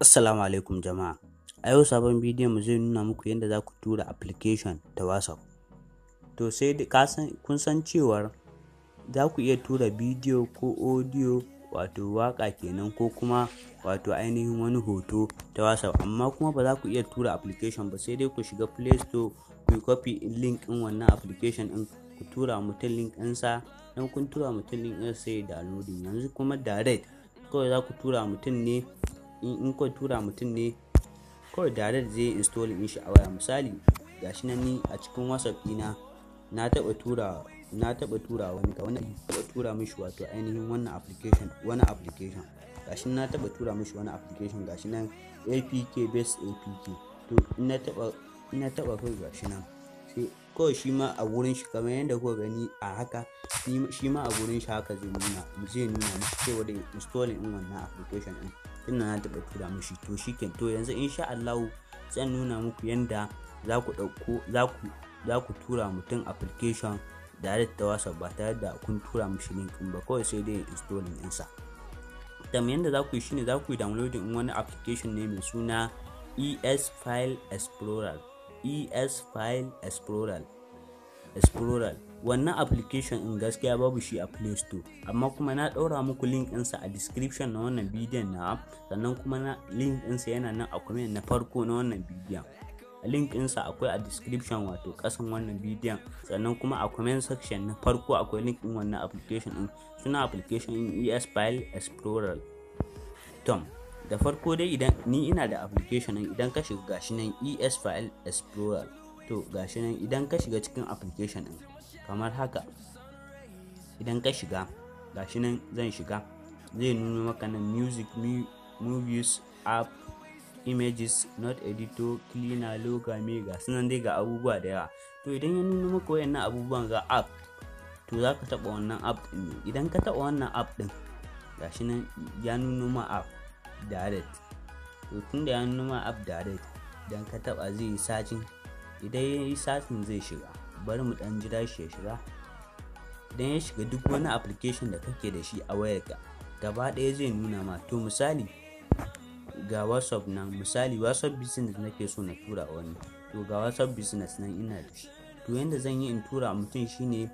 Assalamu alaikum jama'a. A yau sabon bidiyon mu zai nuna muku yadda za ku tura application ta WhatsApp. To sai kun san cewar za ku iya tura bidiyo ko audio wato waka kenan ko kuma wato ainihin wani hoto ta WhatsApp amma kuma ba za ku iya tura application ba sai dai ku shiga Play Store ku copy link in wannan application din ku tura mutum link ɗinsa don kun tura mutum link sai da downloading yanzu kuma direct kawai za ku tura mutum ne in kawai tura mutum ne kawai direct zai install in shi a waya misali gashi nan ni a cikin whatsapp dina na taɓa tura na taba tura wani ka wani taɓa tura mishi wato ainihin wannan application wani application gashi na taɓa tura mishi wani application gashi nan apk base apk to taba taɓa na taba kai gashi nan sai kawai shi ma a wurin shi kamar yadda kuka gani a haka shi ma a wurin shi haka zai nuna zai nuna mishi cewa da installing in wannan application din ina na taɓa tura mishi to shiken to yanzu insha Allah zan nuna muku yanda za ku ɗauko za ku za ku tura mutum application direct ta whatsapp ba tare da kun tura mishi link ba kawai sai dai installing ɗinsa dam yanda za ku yi shine za ku yi downloading in wani application ne mai suna es file explorer es file explorer explorer wannan application in gaskiya babu shi a play store amma kuma na ɗaura muku link ɗinsa a description na wannan bidiyon na sannan kuma na link ɗinsa yana nan a comment na farko na wannan bidiyon link ɗinsa akwai a description wato ƙasan wannan bidiyon sannan kuma a comment section na farko akwai link ɗin wannan application ɗin suna application in es file explorer tom da farko dai idan ni ina da application ɗin idan ka shiga gashi nan es file explorer to gashi nan idan ka shiga cikin application ɗin kamar haka idan ka shiga gashi nan zan shiga zai nuna maka nan music movies app images not editor cleaner logo mega sunan dai ga abubuwa da yawa to idan ya nuna maka wayannan abubuwan ga app to za ka taɓa wannan app din. idan ka taɓa wannan app din, gashi nan ya nuna ma app direct to tunda da ya nuna ma app direct idan ka taɓa zai yi idan ya yi satin zai shiga bari mu dan jira shi ya shiga idan ya shiga duk wani application da kake da shi a wayarka gaba ɗaya zai nuna ma to misali ga whatsapp nan misali whatsapp business nake so na tura wani to ga whatsapp business nan ina da shi to yanda zan yi in tura mutum shine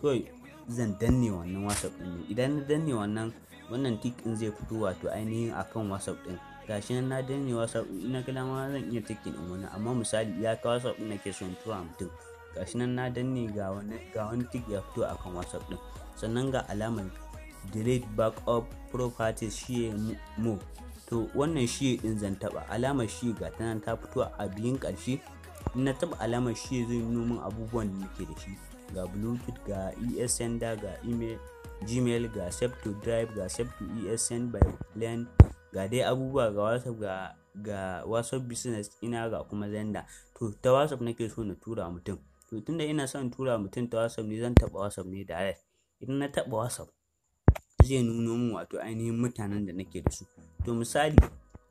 kawai zan danne wannan whatsapp ɗin idan na danne wannan wannan tik ɗin zai fito wato ainihin akan whatsapp ɗin gashi nan na daina wasa ina kila ma zan iya tikin in wani amma misali ya ka wasa ina ke son tura mutum gashi nan na danne ga wani ga wani tik ya fito akan whatsapp din sannan ga alamar delete backup properties shi mu to wannan shi din zan taba alamar shi ga ta ta fito a biyun karshe na taba alamar shi zai nuno min abubuwan da nake da shi ga bluetooth ga es sender ga email gmail ga save to drive ga save to es send by land ga dai abubuwa ga whatsapp ga ga whatsapp business ina ga kuma zanda to ta whatsapp nake so na tura mutum to tunda ina son tura mutum ta whatsapp ne zan taba whatsapp ne da direct idan na taba whatsapp zai nuno min wato ainihin mutanen da nake da su to misali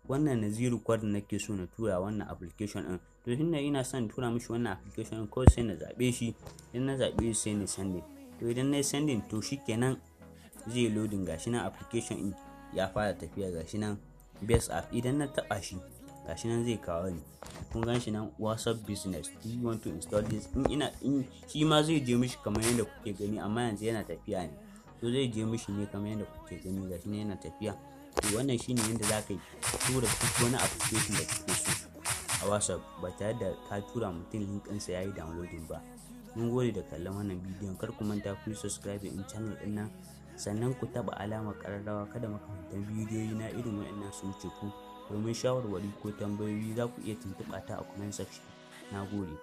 wannan naziru da nake so na tura wannan application din to tunda ina son tura mishi wannan application ko sai na zabe shi idan na zabe shi sai na sending to idan na sending to shikenan zai loading gashi na application din ya fara tafiya gashi nan best app idan na taba shi gashi nan zai kawo ni kun gan shi nan whatsapp business do you want to install this in ina in shi ma zai je mishi kamar yadda kuke gani amma yanzu yana tafiya ne to zai je mishi ne kamar yadda kuke gani gashi nan yana tafiya to wannan shine yadda za ka yi tura duk wani application da kuke so a whatsapp ba tare da ka tura mutum link ɗinsa ya yi downloading ba mun gode da kallon wannan bidiyon kar ku manta ku yi subscribe in channel ɗin nan sannan ku taɓa alamar ƙararrawa kada makamantan bidiyoyi na irin waɗannan su wuce ku domin shawarwari ko tambayoyi za ku iya tuntuɓa ta a comment section na gode